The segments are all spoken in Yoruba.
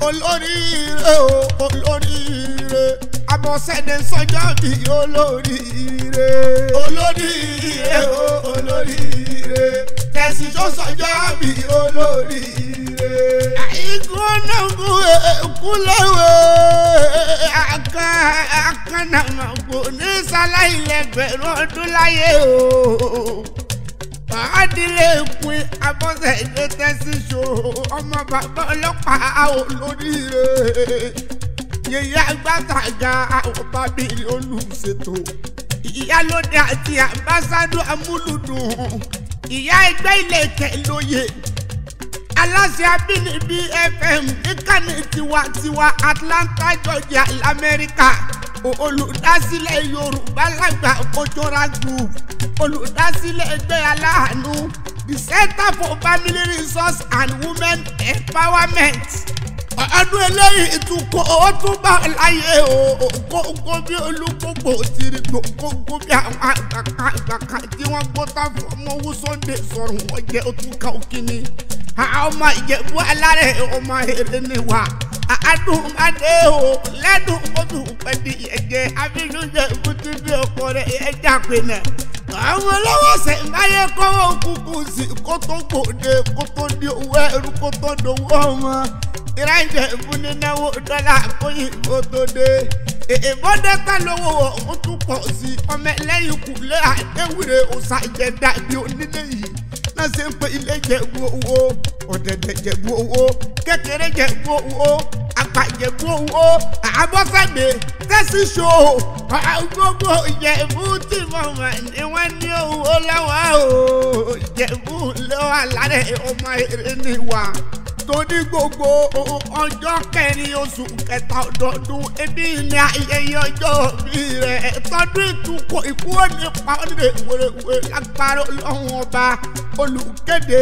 olóríire o olóríire àmọ̀sẹ̀dẹ̀ sọ́jà bí olóríire olóríire o olóríire tẹ̀sí tó sọ́jà bí olóríire. àìkúnnàmú èkúlẹ̀wé akànnàmọ̀kò ní sáláìlẹ̀ bẹ̀rù ọdún láyé o fàádìrẹ ìpín abọ́sẹ̀dé tẹ́sí ṣò ọmọ bàbá ọlọ́pàá olóríire yèyí agbátàgà àwòbábí olùṣètò ìyálóde àti àmbásádù amúlùdùn ìyá ẹgbẹ́ ìlẹ̀kẹ̀ lóye aláṣẹ abínibí fm níkànnì tiwantiwa Atlanta Georgia lamẹ́ríkà olùdásílẹ̀ yorùbá lágbà ojora group olùdásílẹ̀ ẹgbẹ́ aláàánú the center for family resource and women empowerment ọdún eléyìí tún kó o tún bá láyé o gbogbo bí olúgbogbo tìrì gbogbo bí àwọn àgbàkàgbàkà tí wọ́n gbó tán fọmọwú sunday sọ̀rọ̀ wọ́n jẹ́ o tún ká òkìní àwọn ọmọ ìjẹ̀bú alárẹ̀ ọmọ èrè ni wà adùnmadé o lẹ́dùn odù pẹ̀lú ẹ̀jẹ̀ abínújẹ ìbútú bí ọkọ rẹ̀ ẹ̀jẹ̀ àpẹnẹ. àwọn olówó ṣèǹbáyé kọ́wọ́ kúkú sí kó tó gbòde kó tó di owó ẹrú kó tó dowó ọmọ. ìrànjẹ́ ìfúnnináwó dọ́là kóyìnbó tó dé ìbọ́dẹ́ ká lówó ọ̀hún tún pọ̀ sí ọmọ ẹlẹ́yin kù lé àtẹ̀wéré ọ̀sà ìjẹ̀dá ibi onílé yìí. Na ṣe ń pe ilé jẹ̀bú owó ọ̀dẹ̀dẹ̀ jẹ̀bú owó kékeré jẹ̀bú owó àpà jẹ̀bú owó àbọ̀fẹ́mi tẹ́sí ṣo gbogbo ìjẹ̀bú tí mo mọ̀ ni wọ́n ní owó lọ́wọ́ o ìjẹ̀bú lọ́wọ́ alárẹ̀ ọmọ eré ni wà torí gbogbo ọjọ́ kẹrin oṣù kẹta ọdọọdún ebi ni ayẹyẹ ọjọ́ mi rẹ̀ ọdún ìtukọ̀ ìkúrò nípa onílé ìwèrèwè lágbára ọlọ́run ọba olùkéde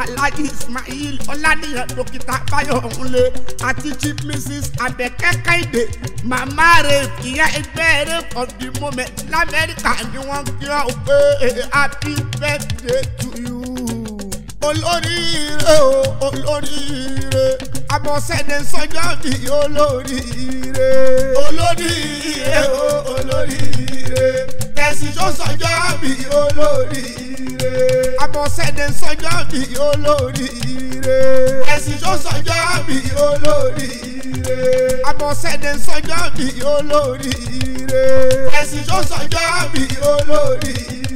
alhaji ismail ọlánìyàn dókítà báyọ̀ ọ̀húnlé àti chief mrs abẹ́kẹ́ màmá rẹ̀ ìyá ẹgbẹ́ rẹ̀ of the lamẹ́ríkà ni wọ́n kí ọ pé happy birthday to you olóríire o olóríire abọ́sẹ̀dẹ̀ sọ́jọ́ di olóríire. olóríire o olóríire tẹ̀sí tó sọ́jọ́ bí olóríire. abọ́sẹ̀dẹ̀ sọ́jọ́ bí olóríire. tẹ̀sí tó sọ́jọ́ bí olóríire. abọ́sẹ̀dẹ̀ sọ́jọ́ bí olóríire. tẹ̀sí tó sọ́jọ́ bí olóríire.